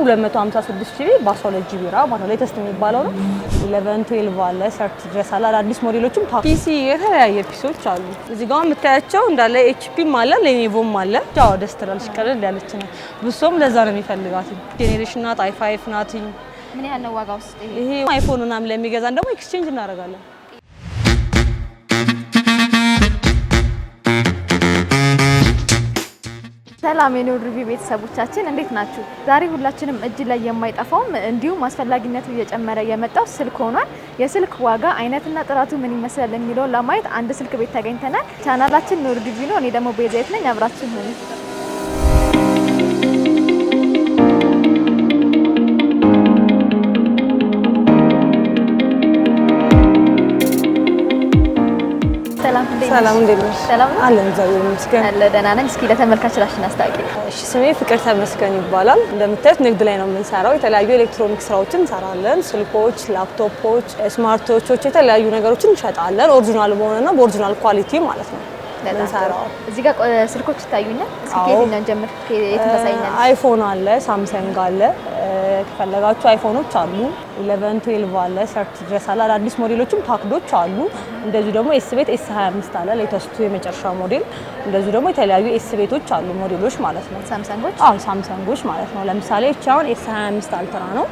256 ጂቢ በ12 ጂቢ ነው ሌተስት የሚባለው ነው። አለ ሰርት ድረስ አለ። አዳዲስ ሞዴሎችም ፒሲ የተለያየ ፒሶች አሉ። እዚህ ጋር የምታያቸው እንዳለ ኤችፒም አለ አለ። ያው ደስ ትላለች፣ ቀለል ያለች ብሶም ለዛ ነው የሚፈልጋት። ጄኔሬሽን ናት፣ አይ ፋይቭ ምን ያህል ነው ይሄ አይፎን ምናምን ለሚገዛን ደግሞ ኤክስቼንጅ እናደርጋለን። ሰላም የኖር ሪቪው ቤተሰቦቻችን እንዴት ናችሁ? ዛሬ ሁላችንም እጅ ላይ የማይጠፋውም እንዲሁም አስፈላጊነቱ እየጨመረ የመጣው ስልክ ሆኗል። የስልክ ዋጋ አይነትና ጥራቱ ምን ይመስላል የሚለውን ለማየት አንድ ስልክ ቤት ተገኝተናል። ቻናላችን ኖር ሪቪው ነው። እኔ ደግሞ ቤዛየት ነኝ። አብራችን ሁኑ። ሰላም እንዴት ነሽ? ሰላም ነው አለን። እግዚአብሔር ይመስገን አለ። ደህና ነኝ። እስኪ ለተመልካች ራስሽን አስታውቂ። እሺ፣ ስሜ ፍቅር ተመስገን ይባላል። እንደምታዩት ንግድ ላይ ነው የምንሰራው። የተለያዩ ኤሌክትሮኒክ ስራዎችን እንሰራለን። ስልኮች፣ ላፕቶፖች፣ ስማርቶቾች የተለያዩ ነገሮችን እንሸጣለን። ኦሪጂናል በሆነና በኦሪጂናል ኳሊቲ ማለት ነው እንሰራው። እዚህ ጋር ስልኮች ይታዩኛል። እስኪ ከየትኛውን ጀምር? ከየት ታሳይኛለሽ? አይፎን አለ፣ ሳምሰንግ አለ ከፈለጋችሁ አይፎኖች አሉ። ኢሌቨን ትዌልቭ አለ፣ ሰርት ድረስ አለ። አዳዲስ ሞዴሎችም ፓክዶች አሉ። እንደዚሁ ደግሞ ኤስ ቤት ኤስ 25 አለ፣ ሌተስቱ የመጨረሻ ሞዴል። እንደዚሁ ደግሞ የተለያዩ ኤስ ቤቶች አሉ፣ ሞዴሎች ማለት ነው። ሳምሰንጎች? አዎ ሳምሰንጎች ማለት ነው። ለምሳሌ እቺ አሁን ኤስ 25 አልትራ ነው።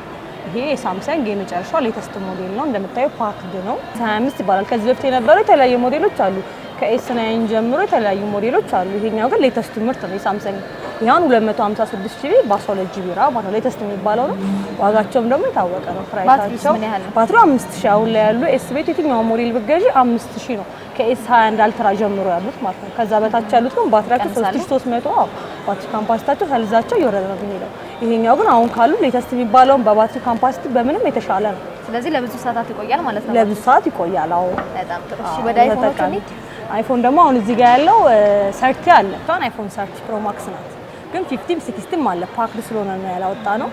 ይሄ የሳምሰንግ የመጨረሻው ሌተስት ሞዴል ነው። እንደምታየው ፓክድ ነው። ኤስ 25 ይባላል። ከዚህ በፊት የነበረው የተለያዩ ሞዴሎች አሉ። ከኤስ 9 ጀምሮ የተለያዩ ሞዴሎች አሉ። ይሄኛው ግን ሌተስቱ ምርት ነው የሳምሰንግ ይሄን 256 ጂቢ በ12 ጂቢ ራም ማለት ሌተስት የሚባለው ነው። ዋጋቸውም ደግሞ የታወቀ ነው ፍራይታቸው ባትሪው 5000 አሁን ላይ ያሉ ኤስ ቤት የትኛው ሞዴል ብትገዢ 5000 ነው ከኤስ 21 አልትራ ጀምሮ ያሉት ማለት ነው። ከዛ በታች ያሉት ግን ባትሪያቸው 3300 አዎ፣ ባትሪ ካምፓሲታቸው ከልዛቸው እየወረደ ነው የሚለው። ይሄኛው ግን አሁን ካሉ ሌተስት የሚባለውን በባትሪ ካምፓሲቲ በምንም የተሻለ ነው። ስለዚህ ለብዙ ሰዓታት ይቆያል ማለት ነው። ለብዙ ሰዓት ይቆያል። አዎ በጣም ጥሩ። እሺ ወደ አይፎን አይፎን ደግሞ አሁን እዚህ ጋር ያለው ሰርቲ አለ። አይፎን ሰርቲ ፕሮ ማክስ ናት ግን ፊፍቲም ሲክስቲም አለ ፓክድ ስለሆነ ነው ያላወጣ ነው።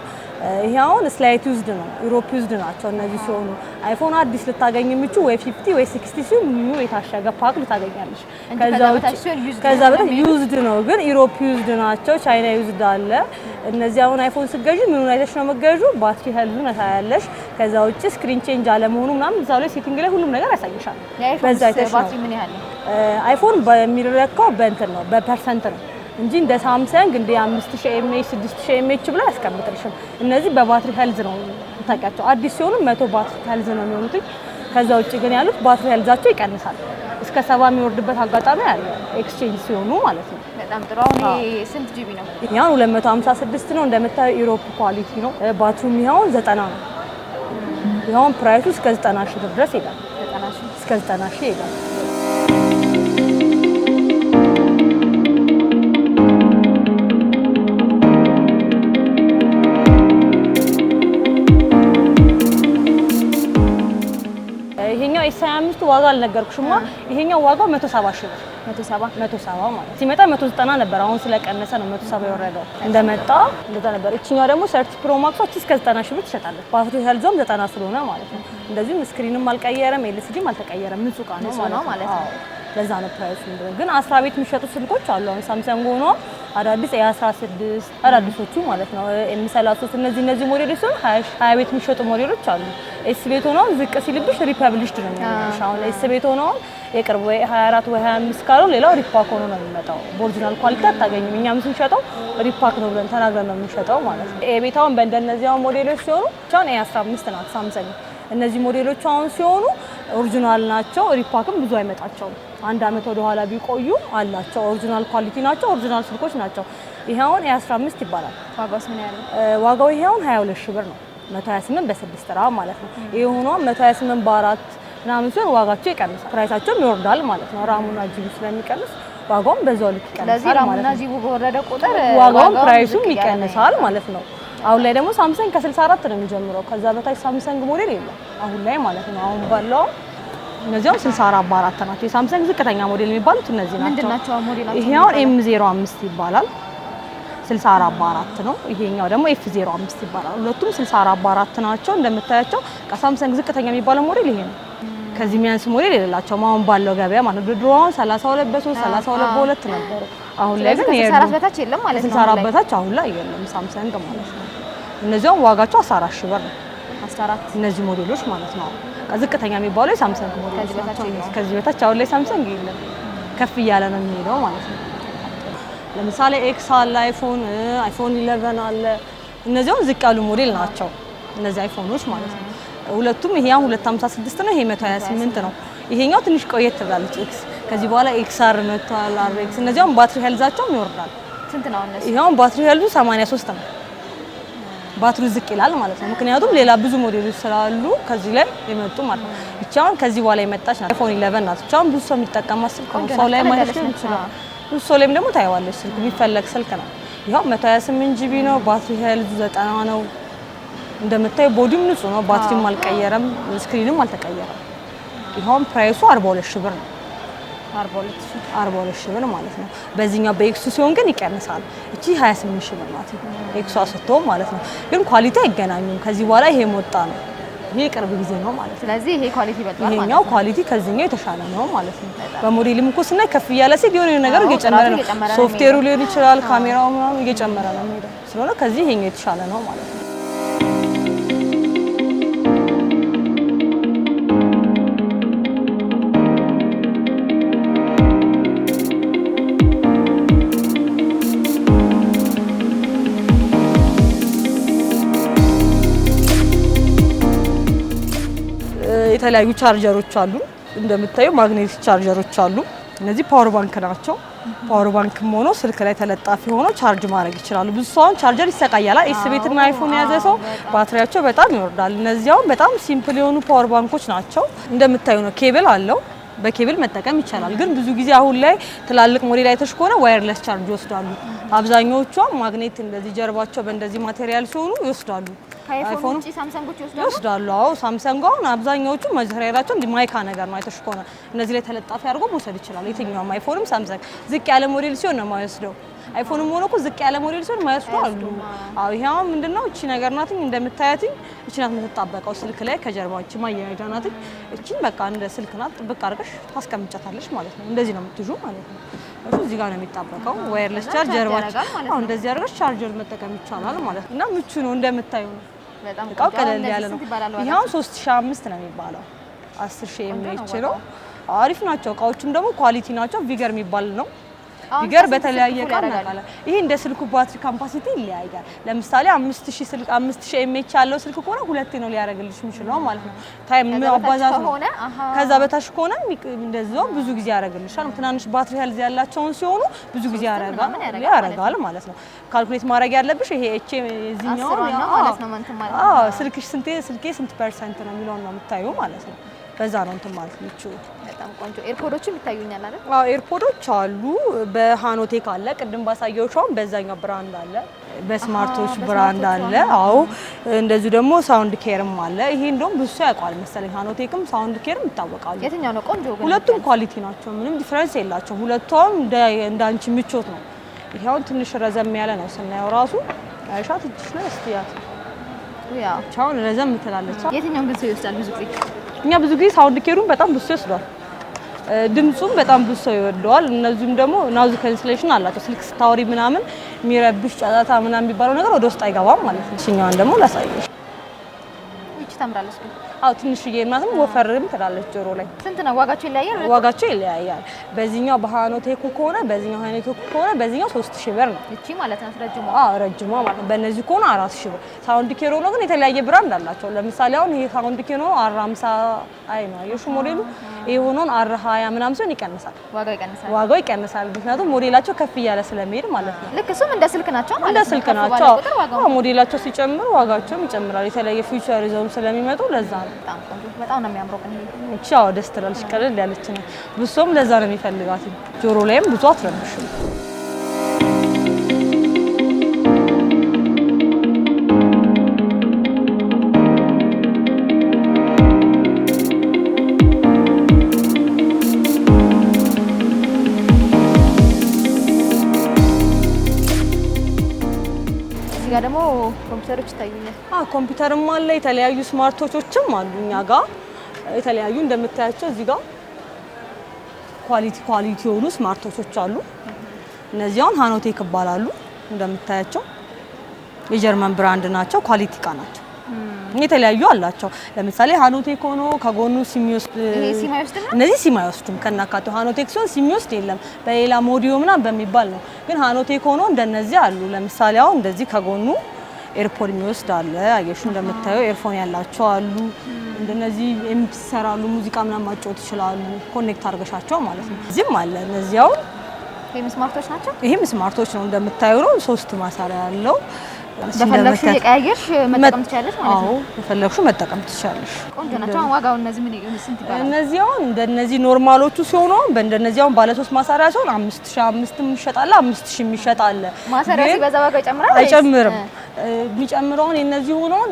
ይሄ አሁን ስላይት ዩዝድ ነው ዩሮፕ ዩዝድ ናቸው እነዚህ ሲሆኑ፣ አይፎን አዲስ ልታገኝ የምችው ወይ ፊፍቲ ወይ ሲክስቲ ሲሆን ምኑ የታሸገ ፓክድ ታገኛለች። ከዛ በታች ዩዝድ ነው ግን ዩሮፕ ዩዝድ ናቸው። ቻይና ዩዝድ አለ። እነዚህ አሁን አይፎን ስገዥ ምኑን አይተሽ ነው መገዡ? ባትሪ ህልዙን ታያለሽ። ከዛ ውጭ ስክሪን ቼንጅ አለመሆኑ ምናምን እዛው ላይ ሴቲንግ ላይ ሁሉም ነገር ያሳይሻል። በዛ አይተሽ ነው አይፎን የሚረካው በእንትን ነው በፐርሰንት ነው እንጂ እንደ ሳምሰንግ እንደ 5000 ኤምኤች 6000 ኤምኤች ብሎ አያስቀምጥልሽም። እነዚህ በባትሪ ሄልዝ ነው ታውቂያቸው። አዲስ ሲሆኑ መቶ ባትሪ ሄልዝ ነው የሚሆኑት። ከዛ ውጭ ግን ያሉት ባትሪ ሄልዛቸው ይቀንሳል። እስከ ሰባ የሚወርድበት አጋጣሚ አለ ኤክስቼንጅ ሲሆኑ ማለት ነው። በጣም ጥሩ። አሁን ስንት ጂቢ ነው? እኛን 256 ነው እንደምታየው፣ ኢሮፕ ኳሊቲ ነው። ባትሪው የሚሆን 90 ነው። ይኸውን ፕራይሱ እስከ 90 ሺህ ብር ድረስ ይሄዳል። እስከ 90 ሺህ ይሄዳል። ሳይዝ 25 ዋጋ አልነገርኩሽማ። ይሄኛው ዋጋው 170 ሺህ ብር 170 170 ማለት ሲመጣ 190 ነበር። አሁን ስለቀነሰ ነው 170 የወረደው። እንደመጣ እንደዛ ነበር። እቺኛው ደግሞ ሰርች ፕሮ ማክሶች እስከ 90 ሺህ ብር ትሸጣለች። ባትሪ ሄልዞም 90 ስለሆነ ማለት ነው። እንደዚሁም ስክሪንም አልቀየረም፣ ኤልሲዲም አልተቀየረም። ንጹህ ዕቃ ነው ማለት ነው። ለዛ ነው ፕራይሱ ግን አስራ ቤት የሚሸጡ ስልኮች አሉ። አሁን ሳምሰንግ ሆኖ አዳዲስ የ16 አዳዲሶቹ ማለት ነው ኤም 33 እነዚህ እነዚህ ሞዴሎች ሲሆን ሀያ ቤት የሚሸጡ ሞዴሎች አሉ። ኤስ ቤት ሆኖ ዝቅ ሲልብሽ ሪፐብሊሽድ ነው የሚሆንሽ። አሁን ኤስ ቤት ሆኖ የቅርብ ወይ 24 ወይ 25 ካልሆነ ሌላው ሪፓክ ሆኖ ነው የሚመጣው። በኦሪጂናል ኳሊቲ አታገኝም። እኛም ስንሸጠው ሪፓክ ነው ብለን ተናግረን ነው የምንሸጠው ማለት ነው። ኤ ቤት አሁን በእንደነዚያው ሞዴሎች ሲሆኑ ቻን ኤ 15 ናት ሳምሰንግ እነዚህ ሞዴሎቹ አሁን ሲሆኑ ኦሪጂናል ናቸው። ሪፓክም ብዙ አይመጣቸውም። አንድ አመት ወደ ኋላ ቢቆዩ አላቸው። ኦሪጂናል ኳሊቲ ናቸው። ኦሪጂናል ስልኮች ናቸው። ይሄውን የ15 ይባላል። ዋጋው ይሄ አሁን 22 ሺህ ብር ነው። 128 በስድስት ራ ማለት ነው። ይሄ ሆኖ 128 በአራት ምናምን ሲሆን ዋጋቸው ይቀንሳል፣ ፕራይሳቸውም ይወርዳል ማለት ነው። ራሙና ጂቢ ስለሚቀንስ ዋጋውም በዛው ልክ ይቀንሳል ማለት ነው። ስለዚህ ራሙና ጂቡ በወረደ ቁጥር ዋጋውም ፕራይሱም ይቀንሳል ማለት ነው። አሁን ላይ ደግሞ ሳምሰንግ ከ64 ነው የሚጀምረው። ከዛ በታች ሳምሰንግ ሞዴል የለም አሁን ላይ ማለት ነው። አሁን ባለው እነዚያው 64 በአራት ናቸው። የሳምሰንግ ዝቅተኛ ሞዴል የሚባሉት እነዚህ ናቸው። አሁን ኤም 05 ይባላል 64 በአራት ነው። ይሄኛው ደግሞ ኤፍ 05 ይባላል። ሁለቱም 64 በአራት ናቸው። እንደምታያቸው ከሳምሰንግ ዝቅተኛ የሚባለው ሞዴል ይሄ ነው። ከዚህ የሚያንስ ሞዴል የሌላቸውም አሁን ባለው ገበያ ማለት ነው። ድሮ አሁን 32 በ3 32 በ2 ነበሩ። አሁን ላይ ግን 64 በታች የለም ማለት ነው። 64 በታች አሁን ላይ የለም ሳምሰንግ ማለት ነው። እነዚያውም ዋጋቸው 14 ሺህ ብር ነው። 14 እነዚህ ሞዴሎች ማለት ነው። ዝቅተኛ የሚባለው የሳምሰንግ ሞዴሎች ከዚህ በታች አሁን ላይ ሳምሰንግ የለም፣ ከፍ እያለ ነው የሚሄደው ማለት ነው። ለምሳሌ ኤክስ አለ፣ አይፎን አይፎን 11 አለ። እነዚያውን ዝቅ ያሉ ሞዴል ናቸው እነዚህ አይፎኖች ማለት ነው። ሁለቱም ይሄ አሁን 256 ነው፣ ይሄ 128 ነው። ይሄኛው ትንሽ ቆየት ትላለች ኤክስ። ከዚህ በኋላ ኤክስ አር መቷል፣ አር ኤክስ። እነዚያውን ባትሪ ሄልዛቸውም ይወርዳል። ስንት ነው? እነሱ? ይሄውን ባትሪ ሄልዙ 83 ነው። ባትሪው ዝቅ ይላል ማለት ነው። ምክንያቱም ሌላ ብዙ ሞዴሎች ስላሉ ከዚህ ላይ የመጡ ማለት ነው። ብቻውን ከዚህ በኋላ የመጣች ናት። አይፎን 11 ናት። ብቻውን ብዙ ሰው የሚጠቀማ ስልክ ነው። ሰው ላይ ማለት ነው ይችላል። ብዙ ሰው ላይም ደግሞ ታይዋለች። ስልክ የሚፈለግ ስልክ ነው። ይኸው 128 ጂቢ ነው። ባትሪ ሄልዙ 90 ነው። እንደምታዩ ቦዲም ንጹህ ነው። ባትሪም አልቀየረም፣ ስክሪንም አልተቀየረም። ይኸውም ፕራይሱ 42 ሺህ ብር ነው። 42 ሺህ ብር ማለት ነው። በዚህኛው በኤክሱ ሲሆን ግን ይቀንሳል። እቺ 28 ሺህ ብር ናት። ኤክሱ አስወጥቶ ማለት ነው። ግን ኳሊቲ አይገናኙም። ከዚህ በኋላ ይሄ ሞጣ ነው። ይሄ ቅርብ ጊዜ ነው ማለት ነው። ስለዚህ ይሄ ኳሊቲ ይበልጣል ማለት ነው። ይሄኛው ኳሊቲ ከዚህኛው የተሻለ ነው ማለት ነው። በሞዴልም እኮ ስናይ ከፍ እያለ ሲል የሆነ ነገር እየጨመረ ነው። ሶፍትዌሩ ሊሆን ይችላል፣ ካሜራው ምናምን እየጨመረ ነው የሚሄደው ስለሆነ ከዚህ ይሄኛው የተሻለ ነው ማለት ነው። የተለያዩ ቻርጀሮች አሉ። እንደምታዩ ማግኔቲክ ቻርጀሮች አሉ። እነዚህ ፓወር ባንክ ናቸው። ፓወር ባንክም ሆኖ ስልክ ላይ ተለጣፊ ሆኖ ቻርጅ ማድረግ ይችላሉ። ብዙ ሰው አሁን ቻርጀር ይሰቃያል። ኤስ ቤትና አይፎን የያዘ ሰው ባትሪያቸው በጣም ይወርዳል። እነዚያውም በጣም ሲምፕል የሆኑ ፓወር ባንኮች ናቸው። እንደምታዩ ነው። ኬብል አለው። በኬብል መጠቀም ይቻላል። ግን ብዙ ጊዜ አሁን ላይ ትላልቅ ሞዴል አይተሽ ከሆነ ዋየርለስ ቻርጅ ይወስዳሉ። አብዛኛዎቿ ማግኔት እንደዚህ ጀርባቸው በእንደዚህ ማቴሪያል ሲሆኑ ይወስዳሉ። ከአይፎን ውጪ ሳምሰንጎች ይወስዳሉ ይወስዳሉ። አዎ ሳምሰንግ አሁን አብዛኛዎቹ ማቴሪያላቸው እንዲህ ማይካ ነገር ነው። አይተሽ ከሆነ እነዚህ ላይ ተለጣፊ አድርጎ መውሰድ ይችላል። የትኛውም አይፎንም ሳምሰንግ ዝቅ ያለ ሞዴል ሲሆን ነው የማይወስደው። አይፎንም ሆኖ እኮ ዝቅ ያለ ሞዴል ሲሆን ማይወስዱ አሉ። አዎ ይሄ አሁን ምንድነው እቺ ነገር ናትኝ እንደምታያትኝ እቺ ናት የምትጣበቀው ስልክ ላይ ከጀርባ እቺ ማያያዣ ናትኝ። እቺን በቃ እንደ ስልክ ናት ጥብቅ አድርገሽ ታስቀምጫታለሽ ማለት ነው። እንደዚህ ነው የምትይዙ ማለት ነው። እሱ እዚህ ጋር ነው የሚጣበቀው። ዋየርለስ ቻርጀር ጀርባችሁ እንደዚህ አድርገሽ ቻርጀር መጠቀም ይቻላል ማለት ነው። እና ምቹ ነው እንደምታዩ ነው። እቃው ቀለል ያለ ነው። ይሄው አምስት ነው የሚባለው አስር ሺህ የሚችለው አሪፍ ናቸው። እቃዎቹም ደግሞ ኳሊቲ ናቸው። ቪገር የሚባል ነው ቢገር በተለያየ ቀን እናውቃለን። ይሄ እንደ ስልኩ ባትሪ ካፓሲቲ ይለያያል። ለምሳሌ 5000 ስልክ 5000 ኤምኤች ያለው ስልክ ከሆነ ሁለቴ ነው ሊያደርግልሽ የሚችለው ማለት ነው። ታይም አባዛት ነው። ከዛ በታች ከሆነ እንደዛው ብዙ ጊዜ ያደርግልሻል። ትናንሽ ባትሪ ሄልዝ ያላቸውን ሲሆኑ ብዙ ጊዜ ያደርጋል ያደርጋል ማለት ነው። ካልኩሌት ማድረግ ያለብሽ ይሄ ኤች የዚህኛው ማለት ነው። ማለት አዎ ስልክሽ ስንቴ ስልኬ ስንት ፐርሰንት ነው የሚለውን ነው የምታዩ ማለት ነው። በዛ ነው እንትን ማለት ነው። በጣም ቆንጆ ኤርፖዶችም ይታዩኛል አይደል? አዎ ኤርፖዶች አሉ። በሃኖቴክ አለ፣ ቅድም ባሳየሁሽ አሁን በዛኛው ብራንድ አለ፣ በስማርቶች ብራንድ አለ። አዎ እንደዚሁ ደግሞ ሳውንድ ኬርም አለ። ይሄ እንደውም ብዙ ሰው ያውቀዋል መሰለኝ። ሃኖቴክም ሳውንድ ኬርም ይታወቃሉ። የትኛው ነው ቆንጆ? ሁለቱም ኳሊቲ ናቸው፣ ምንም ዲፍረንስ የላቸው። ሁለቱም እንደ ምቾት ነው። ይሄውን ትንሽ ረዘም ያለ ነው ስናየው ራሱ አይሻት እጅሽ ላይ እስቲያት ያው ረዘም ትላለች። የትኛውን ግን ሰው ይወስዳል ብዙ ጊዜ? እኛ ብዙ ጊዜ ሳውንድ ኬሩን በጣም ብዙ ይወስዷል። ድምፁም በጣም ብዙ ሰው ይወደዋል። እነዚሁም ደግሞ ናዙ ካንስሌሽን አላቸው። ስልክ ስታወሪ ምናምን የሚረብሽ ጫጫታ ምናምን የሚባለው ነገር ወደ ውስጥ አይገባም ማለት ነው። እችኛዋን ደግሞ ላሳየሽ። ይቺ ታምራለች ግን አዎ ትንሽዬ ማለትም ወፈርም ትላለች ጆሮ ላይ። ስንት ነው ዋጋቸው? ይለያያል ዋጋቸው ይለያያል። በዚህኛው በሃኖ ቴኩ ከሆነ በዚህኛው ሃኖ ቴኩ ከሆነ በዚህኛው 3000 ብር ነው እቺ ማለት ነው ረጅሟ። አዎ ረጅሟ ማለት ነው። በእነዚህ ከሆነ 4000 ብር። ሳውንድ ኬሮ ነው ግን የተለያየ ብራንድ አላቸው። ለምሳሌ አሁን ይሄ ሳውንድ ኬሮ ነው 450 አይ ነው የሹ ሞዴሉ ይሄ ሆኖን 420 ምናምን ሲሆን ይቀንሳል፣ ዋጋው ይቀንሳል። ምክንያቱም ሞዴላቸው ከፍ እያለ ስለሚሄድ ማለት ነው። ልክ እሱም እንደ ስልክ ናቸው ማለት ነው። እንደ ስልክ ናቸው። ሞዴላቸው ሲጨምር ዋጋቸውም ይጨምራል። የተለየ ፊውቸር ይዘውም ስለሚመጡ ለዛ በጣም ቆንጆ፣ በጣም ነው የሚያምረው። እቺ አዎ ደስ ትላለች። ቀለል ያለች ነው። ብሶም ለዛ ነው የሚፈልጋት። ጆሮ ላይም ብዙ አትረብሽም። ደግሞ ኮምፒውተሮች ይታዩኛል። ኮምፒውተርም አለ፣ የተለያዩ ስማርቶቾችም አሉ እኛ ጋር የተለያዩ እንደምታያቸው እዚህ ጋር ኳሊቲ ኳሊቲ የሆኑ ስማርቶቾች አሉ። እነዚያውን ሃኖቴክ ይባላሉ። እንደምታያቸው የጀርመን ብራንድ ናቸው። ኳሊቲ እቃ ናቸው። የተለያዩ አላቸው። ለምሳሌ ሃኖቴክ ሆኖ ከጎኑ ሲሚ ወስድ እነዚህ ሲሚ አይወስዱም ከናካቴው። ሃኖቴክ ሲሆን ሲሚ ወስድ የለም በሌላ ሞዲዮ ምናምን በሚባል ነው። ግን ሃኖቴክ ሆኖ እንደነዚህ አሉ። ለምሳሌ አሁን እንደዚህ ከጎኑ ኤርፖድ የሚወስድ አለ። አየሹ እንደምታየው ኤርፎን ያላቸው አሉ። እንደነዚህ የሚሰራሉ ሙዚቃ ምናምን ማጫወት ይችላሉ። ኮኔክት አድርገሻቸው ማለት ነው። እዚህም አለ እነዚህ አሁን ስማርቶች ናቸው። ይሄም ስማርቶች ነው እንደምታዩ ነው። ሶስት ማሳሪያ ያለው በፈለግሽው የቀያየርሽ መጠቀም ትችያለሽ ማለት ነው። በፈለግሽው መጠቀም ትችያለሽ። ቆንጆ ናቸው። አሁን ዋጋው እነዚህ ምን ስንት ይባላል? እነዚህ አሁን እንደነዚህ ኖርማሎቹ ሲሆኑ አሁን በእንደነዚህ አሁን ባለ ሶስት ማሰሪያ ሲሆን አምስት ሺህ አምስትም ይሸጣል፣ አምስት ሺህ የሚሸጥ አለ። ማሰሪያ ሲበዛ ዋጋው ይጨምራል አይጨምርም? የሚጨምረውን የእነዚህ ሆኖን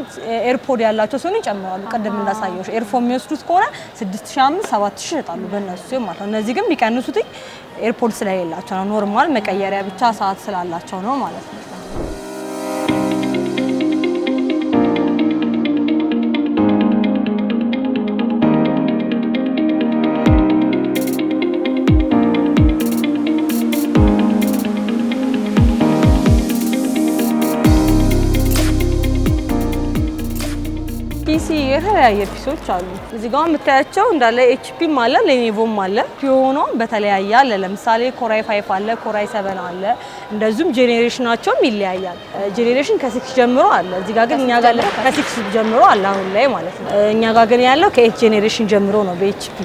ኤርፖድ ያላቸው ሲሆኑ ይጨምራሉ። ቅድም እንዳሳየሁሽ ኤርፎን የሚወስዱት ከሆነ 6500፣ 7000 ይሸጣሉ በእነሱ ሲሆን ማለት ነው። እነዚህ ግን የሚቀንሱት ኤርፖድ ስለሌላቸው ነው። ኖርማል መቀየሪያ ብቻ ሰዓት ስላላቸው ነው ማለት ነው። ኤችፒሲ የተለያየ ፒሶች አሉ። እዚህ ጋር የምታያቸው እንዳለ ኤችፒም አለ ሌኒቮም አለ። ፒሆኖ በተለያየ አለ። ለምሳሌ ኮራይ ፋይፍ አለ፣ ኮራይ ሰበን አለ። እንደዚሁም ጄኔሬሽናቸውም ይለያያል። ጄኔሬሽን ከሲክስ ጀምሮ አለ። እዚህ ጋር ግን እኛ ጋር ከሲክስ ጀምሮ አለ አሁን ላይ ማለት ነው። እኛ ጋር ግን ያለው ከኤት ጄኔሬሽን ጀምሮ ነው። በኤችፒ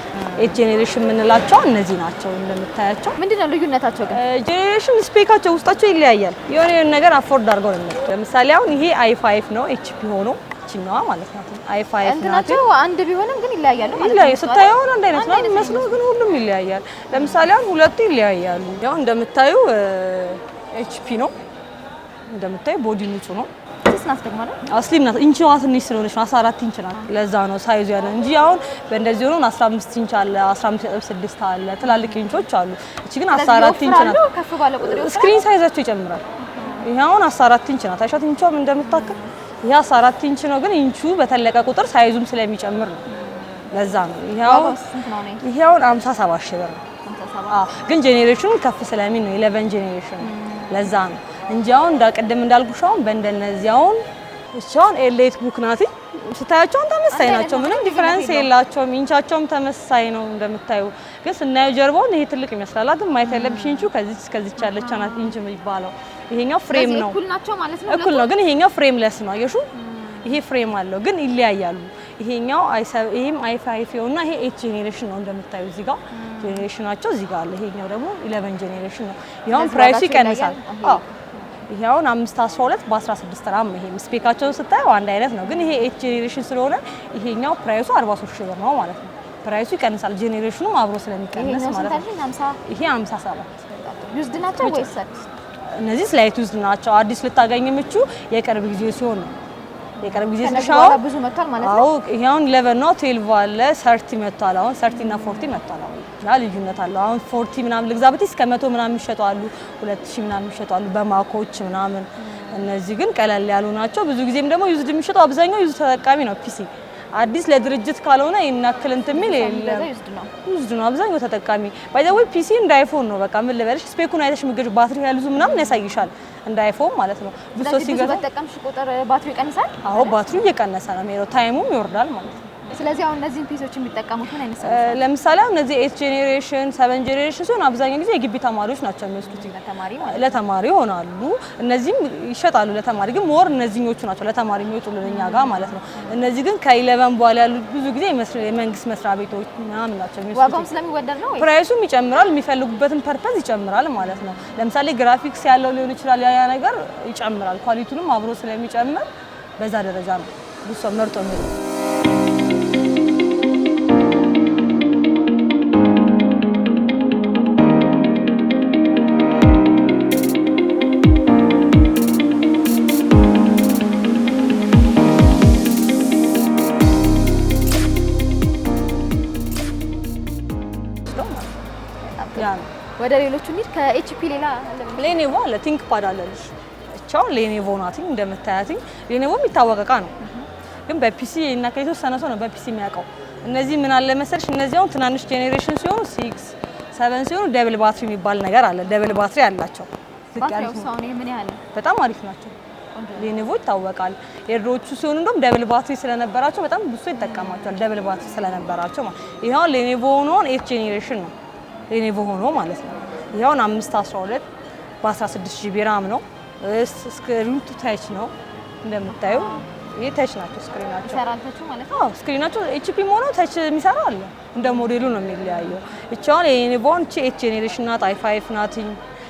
ኤት ጄኔሬሽን የምንላቸው እነዚህ ናቸው። እንደምታያቸው ምንድነው ልዩነታቸው? ግን ጄኔሬሽን ስፔካቸው ውስጣቸው ይለያያል። የሆነ ነገር አፎርድ አድርገው ነው። ለምሳሌ አሁን ይሄ አይ ፋይፍ ነው ኤችፒ ሆኖ ያችኛዋ ማለት ናት። አይፍ አይፍ እንትናቸው አንድ ቢሆንም ግን ይለያያሉ ማለት ነው። ስታየው አንድ አይነት ነው የሚመስሉ፣ ግን ሁሉም ይለያያል። ለምሳሌ አሁን ሁለቱ ይለያያሉ። ያው እንደምታዩ ኤችፒ ነው። እንደምታዩ ቦዲ ንጹህ ነው። አስሊም ናት። ኢንችዋ ትንሽ ስለሆነች ነው። 14 ኢንች ናት። ለዛ ነው ሳይዙ ያለ እንጂ አሁን በእንደዚህ ሆኖ 15 ኢንች አለ፣ 15.6 አለ፣ ትላልቅ ኢንቾች አሉ። እቺ ግን 14 ኢንች ናት። ስክሪን ሳይዛቸው ይጨምራል። ይሄ አሁን 14 ኢንች ናት። አይሻት ኢንቿም እንደምታክል ይሄ 14 ኢንች ነው፣ ግን ኢንቹ በተለቀ ቁጥር ሳይዙም ስለሚጨምር ነው። ለዛ ነው ይሄው 57 ሺህ ብር ነው። ግን ጄኔሬሽኑ ከፍ ስለሚል ነው፣ 11 ጄኔሬሽኑ ለዛ ነው እንጂ አሁን ቅድም እንዳልኩሽ አሁን በእንደነዚያውን እቻውን ኤሌት ቡክ ስታያቸውን ተመሳይ ናቸው። ምንም ዲፈረንስ የላቸውም። ኢንቻቸውም ተመሳይ ነው። እንደምታዩ ግን ስናየው ጀርባውን ይሄ ትልቅ ይመስላል። አትም ማየት ያለብሽ ኢንቹ ከዚች ከዚች ያለች ናት ኢንች የሚባለው። ይሄኛው ፍሬም ነው እኩል ነው፣ ግን ይሄኛው ፍሬም ለስ ነው። አየሹ ይሄ ፍሬም አለው፣ ግን ይለያያሉ። ይሄኛው አይሰብ ይሄም አይፋይፍ አይፍ ይሆና ይሄ ኤት ጄኔሬሽን ነው። እንደምታዩ እዚህ ጋር ጄኔሬሽናቸው እዚህ ጋር አለ። ይሄኛው ደግሞ ኢለቨን ጄኔሬሽን ነው። ይኸውም ፕራይሱ ይቀንሳል። አዎ አምስት አስራ ሁለት በ ስድስት ራም ይሄ ስፔካቸውን ስታየው አንድ አይነት ነው፣ ግን ይሄ ኤች ጄኔሬሽን ስለሆነ ይሄኛው ፕራይሱ ሶስት ሺህ ብር ነው ማለት ነው። ፕራይሱ ይቀንሳል፣ ጄኔሬሽኑም አብሮ ስለሚቀንስ ማለት ነው። ይሄ ሰባት ዩዝድ ናቸው ወይስ እነዚህ ስላይት ዩዝድ ናቸው። አዲስ ልታገኝ የምቹ የቅርብ ጊዜ ሲሆን ነው የቀረብ ጊዜ ስልሻው ብዙ መጥቷል ማለት ነው። አዎ ይሄ አሁን ኢሌቨን ነው ቴልቭ አለ ሰርቲ መጥቷል። አሁን ሰርቲ እና ፎርቲ መጥቷል። አሁን እና ልዩነት አለው። አሁን ፎርቲ ምናምን ልግዛ ብትይ እስከ መቶ ምናምን የሚሸጡ አሉ፣ ሁለት ሺህ ምናምን የሚሸጡ አሉ በማኮች ምናምን። እነዚህ ግን ቀለል ያሉ ናቸው። ብዙ ጊዜም ደግሞ ዩዝድ የሚሸጡ አብዛኛው ዩዝድ ተጠቃሚ ነው ፒሲ አዲስ ለድርጅት ካልሆነ ይሄን ያክል እንትን የሚል የለም። ዩዝድ ነው አብዛኛው ተጠቃሚ ወይ ፒሲ እንደ አይፎን ነው። በቃ ምን ልበልሽ፣ ስፔኩን አይተሽ ምግጅ ባትሪ ያሉዙ ምናምን ያሳይሻል እንደ አይፎን ማለት ነው። ብሶ ሲገዛ ተጠቀምሽ ቁጥር ባትሪ ይቀንሳል። አዎ ባትሪ እየቀነሰ ነው የሚሄደው፣ ታይሙም ይወርዳል ማለት ነው። ስለዚህ አሁን እነዚህን ፒሶች የሚጠቀሙት ምን አይነት ሰዎች? ለምሳሌ አሁን እነዚህ ኤት ጄኔሬሽን ሰቨን ጄኔሬሽን ሲሆን አብዛኛው ጊዜ የግቢ ተማሪዎች ናቸው የሚወስዱት ለተማሪ ይሆናሉ። እነዚህም ይሸጣሉ ለተማሪ ግን ሞር እነዚህኞቹ ናቸው ለተማሪ የሚወጡልን እኛ ጋር ማለት ነው። እነዚህ ግን ከኢለቨን በኋላ ያሉ ብዙ ጊዜ የመንግስት መስሪያ ቤቶች ምናምን ናቸው የሚወስዱት። ዋጋውም ስለሚወደድ ነው ፕራይሱም ይጨምራል፣ የሚፈልጉበትን ፐርፐዝ ይጨምራል ማለት ነው። ለምሳሌ ግራፊክስ ያለው ሊሆን ይችላል ያ ነገር ይጨምራል፣ ኳሊቲውንም አብሮ ስለሚጨምር በዛ ደረጃ ነው ብዙ ሰው መርጦ የሚለው ያለው ማለት ነው። ወደ ሌሎቹ እንሂድ። ከኤችፒ ሌላ ሌኔቮ አለ፣ ቲንክ ፓድ አለልሽ። ብቻው ሌኔቮ ናት እንደምታያት ሌኔቮ የሚታወቅ እቃ ነው፣ ግን በፒሲ እና የተወሰነ ሰው ነው በፒሲ የሚያውቀው። እነዚህ ምን አለ መሰለሽ፣ እነዚህ አሁን ትናንሽ ጄኔሬሽን ሲሆኑ ሲክስ ሰቨን ሲሆኑ ደብል ባትሪ የሚባል ነገር አለ። ደብል ባትሪ አላቸው። በጣም አሪፍ ናቸው። ሌኒቮ ይታወቃል። የድሮዎቹ ሲሆኑ እንደውም ደብል ባትሪ ስለነበራቸው በጣም ብዙ ይጠቀማቸዋል። ደብል ባትሪ ስለነበራቸው ማለት ይሄው ሌኔቮ ሆኖ ኤት ጄኔሬሽን ነው። ሌኔቮ ሆኖ ማለት ነው። ይሄውን 512 በ16 ጂቢ ራም ነው። ስክሪኑ ታች ነው እንደምታዩ ይሄ ተች ናቸው ስክሪናቸው ስክሪናቸው ኤችፒም ሆነው ተች የሚሰራ አለ። እንደ ሞዴሉ ነው የሚለያየው። እቺ አሁን የኔ ቦን ጄኔሬሽን ናት፣ አይ ፋይቭ ናትኝ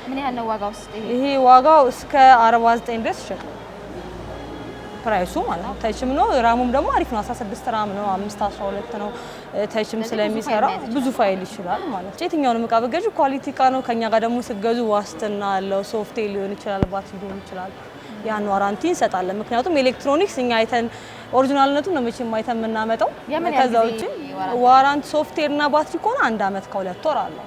ምን ያህል ነው ዋጋው? ይሄ ዋጋው እስከ 49 ድረስ ይሸጣል። ፕራይሱ ማለት ነው። ተችም ነው ራሙም ደግሞ አሪፍ ነው። 16 ራም ነው፣ 5 12 ነው። ተችም ስለሚሰራ ብዙ ፋይል ይችላል ማለት ነው። የትኛውንም እቃ በገዥ ኳሊቲ እቃ ነው። ከኛ ጋር ደግሞ ስትገዙ ዋስትና አለው። ሶፍትዌር ሊሆን ይችላል፣ ባትሪ ሊሆን ይችላል። ያን ዋራንቲ እንሰጣለን። ምክንያቱም ኤሌክትሮኒክስ እኛ አይተን ኦሪጂናልነቱን ነው መቼም አይተን የምናመጣው። ከዛ ውጭ ዋራንቲ ሶፍትዌርና ባትሪ ከሆነ አንድ አመት ከሁለት ወር አለው።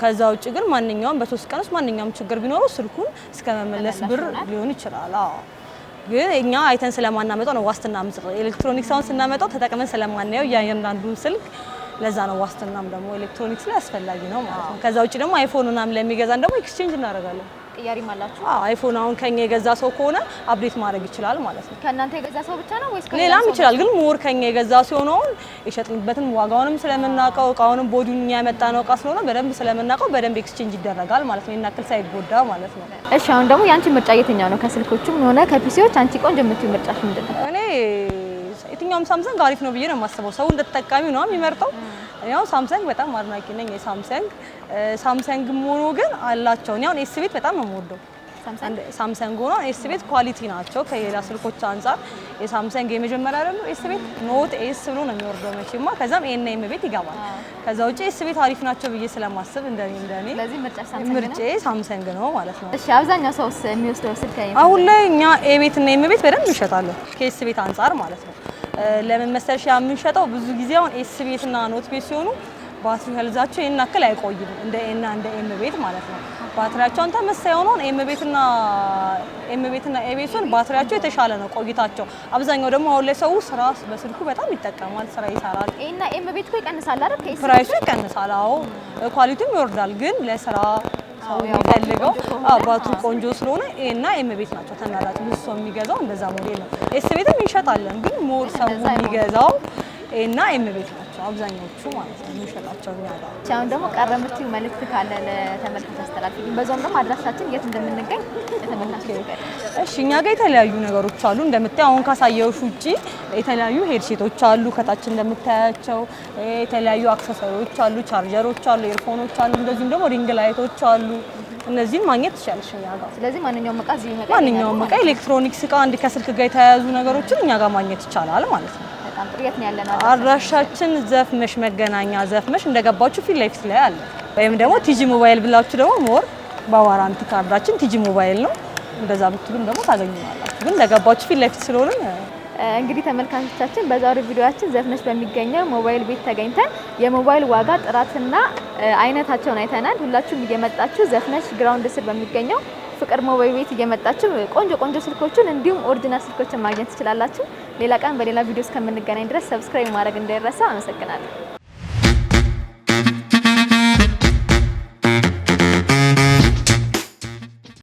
ከዛ ውጭ ግን ማንኛውም በሶስት ቀን ውስጥ ማንኛውም ችግር ቢኖረው ስልኩን እስከ መመለስ ብር ሊሆን ይችላል። ግን እኛ አይተን ስለማናመጣው ነው ዋስትና ምጽ አሁን ስናመጣው ተጠቅመን ስለማናየው እያንዳንዱ ስልክ ለዛ ነው ዋስትናም ደግሞ ኤሌክትሮኒክስ ላይ አስፈላጊ ነው ማለት ነው። ከዛ ውጭ ደግሞ አይፎን ምናምን ለሚገዛን ደግሞ ኤክስቼንጅ እናደርጋለን። ቅያሪም አላችሁ? አይፎን አሁን ከኛ የገዛ ሰው ከሆነ አፕዴት ማድረግ ይችላል ማለት ነው። ከእናንተ የገዛ ሰው ብቻ ነው ወይስ ሌላም ይችላል? ግን ሞር ከኛ የገዛ ሲሆን አሁን የሸጥንበትን ዋጋውንም ስለምናውቀው እቃውንም ቦዲውን እኛ ያመጣነው እቃ ስለሆነ በደንብ ስለምናውቀው በደንብ ኤክስቼንጅ ይደረጋል ማለት ነው። ይናክል ሳይጎዳ ማለት ነው። እሺ አሁን ደግሞ የአንቺ ምርጫ የትኛው ነው? ከስልኮቹም ሆነ ከፒሲዎች አንቺ ቆንጆ የምትይው ምርጫሽ ምንድን ነው? እኔ የትኛውም ሳምሰንግ አሪፍ ነው ብዬ ነው የማስበው። ሰው እንደ ተጠቃሚ ነው የሚመርጠው። ያው ሳምሰንግ በጣም አድናቂ ነኝ የሳምሰንግ ሳምሰንግ ሆኖ ግን አላቸው። እኔ አሁን ኤስ ቤት በጣም ነው የምወደው። ሳምሰንግ ሆኖ ኤስ ቤት ኳሊቲ ናቸው ከሌላ ስልኮች አንጻር። የሳምሰንግ የመጀመሪያ ደግሞ ኤስ ቤት ኖት ኤስ ብሎ ነው የሚወርደው መቼማ። ከዛም ኤና ኤም ቤት ይገባል። ከዛ ውጭ ኤስ ቤት አሪፍ ናቸው ብዬ ስለማስብ እንደኔ እንደኔ ምርጬ ሳምሰንግ ነው ማለት ነው። እሺ አብዛኛው ሰው የሚወስደው ስልክ አሁን ላይ እኛ ኤ ቤት እና ኤም ቤት በደንብ ይሸጣለሁ ከኤስ ቤት አንጻር ማለት ነው። ለምን መሰለሽ የምንሸጠው ብዙ ጊዜ አሁን ኤስ ቤት እና ኖት ቤት ሲሆኑ ባትሪ ሄልዛቸው ይሄን ያክል አይቆይም፣ እንደ ኤና እንደ ኤም ቤት ማለት ነው። ባትሪያቸውን ተመሳይ ሆኖ ኤም ቤትና ኤም ቤትና ኤ ቤቱን ባትሪያቸው የተሻለ ነው ቆይታቸው። አብዛኛው ደግሞ አሁን ላይ ሰው ስራ በስልኩ በጣም ይጠቀማል፣ ስራ ይሰራል። ኤና ኤም ቤት እኮ ይቀንሳል አይደል? ፕራይሱ ይቀንሳል። አዎ ኳሊቲም ይወርዳል፣ ግን ለስራ ሰው የሚፈልገው አባቱ ቆንጆ ስለሆነ እና ኤም ቤት ናቸው ተመራጭ። ብዙ ሰው የሚገዛው እንደዛ ሞዴል ነው። ኤስ ቤትም እንሸጣለን፣ ግን ሞር ሰው የሚገዛው እና ኤም ቤት ነው። ናቸው አብዛኛዎቹ ማለት ነው የሚሸጣቸው እኛ ጋር። አሁን ደግሞ ቀረ የምትይው መልእክት ካለ ለተመልካች አስተላልፊ፣ በዛውም ደግሞ አድራሻችን የት እንደምንገኝ ለተመልካች ይውቀል። እሺ፣ እኛ ጋር የተለያዩ ነገሮች አሉ እንደምታየው አሁን ካሳየሁሽ ውጭ የተለያዩ ሄድሴቶች አሉ፣ ከታች እንደምታያቸው የተለያዩ አክሰሰሪዎች አሉ፣ ቻርጀሮች አሉ፣ ኤርፎኖች አሉ፣ እንደዚሁም ደግሞ ሪንግ ላይቶች አሉ። እነዚህን ማግኘት ትችላለሽ እኛ ጋር። ስለዚህ ማንኛውም እቃ እዚህ ማንኛውም እቃ ኤሌክትሮኒክስ እቃ አንድ ከስልክ ጋር የተያያዙ ነገሮችን እኛ ጋር ማግኘት ይቻላል ማለት ነው። በጣም ጥሩ። የት ነው ያለነው? አድራሻችን ዘፍመሽ መገናኛ ዘፍመሽ እንደገባችሁ ፊት ለፊት ላይ አለ። ወይም ደግሞ ቲጂ ሞባይል ብላችሁ ደግሞ ሞር በዋራንቲ ካርዳችን ቲጂ ሞባይል ነው። እንደዛ ብትሉም ደግሞ ታገኙናላችሁ። ግን እንደገባችሁ ፊት ለፊት ስለሆነ እንግዲህ ተመልካቾቻችን በዛሬው ቪዲዮአችን ዘፍነሽ በሚገኘው ሞባይል ቤት ተገኝተን የሞባይል ዋጋ ጥራትና አይነታቸውን አይተናል። ሁላችሁም እየመጣችሁ ዘፍነሽ ግራውንድ ስር በሚገኘው ፍቅር ሞባይል ቤት እየመጣችሁ ቆንጆ ቆንጆ ስልኮችን እንዲሁም ኦሪጂናል ስልኮችን ማግኘት ትችላላችሁ። ሌላ ቀን በሌላ ቪዲዮ እስከምንገናኝ ድረስ ሰብስክራይብ ማድረግ እንዳይረሳ። አመሰግናለሁ።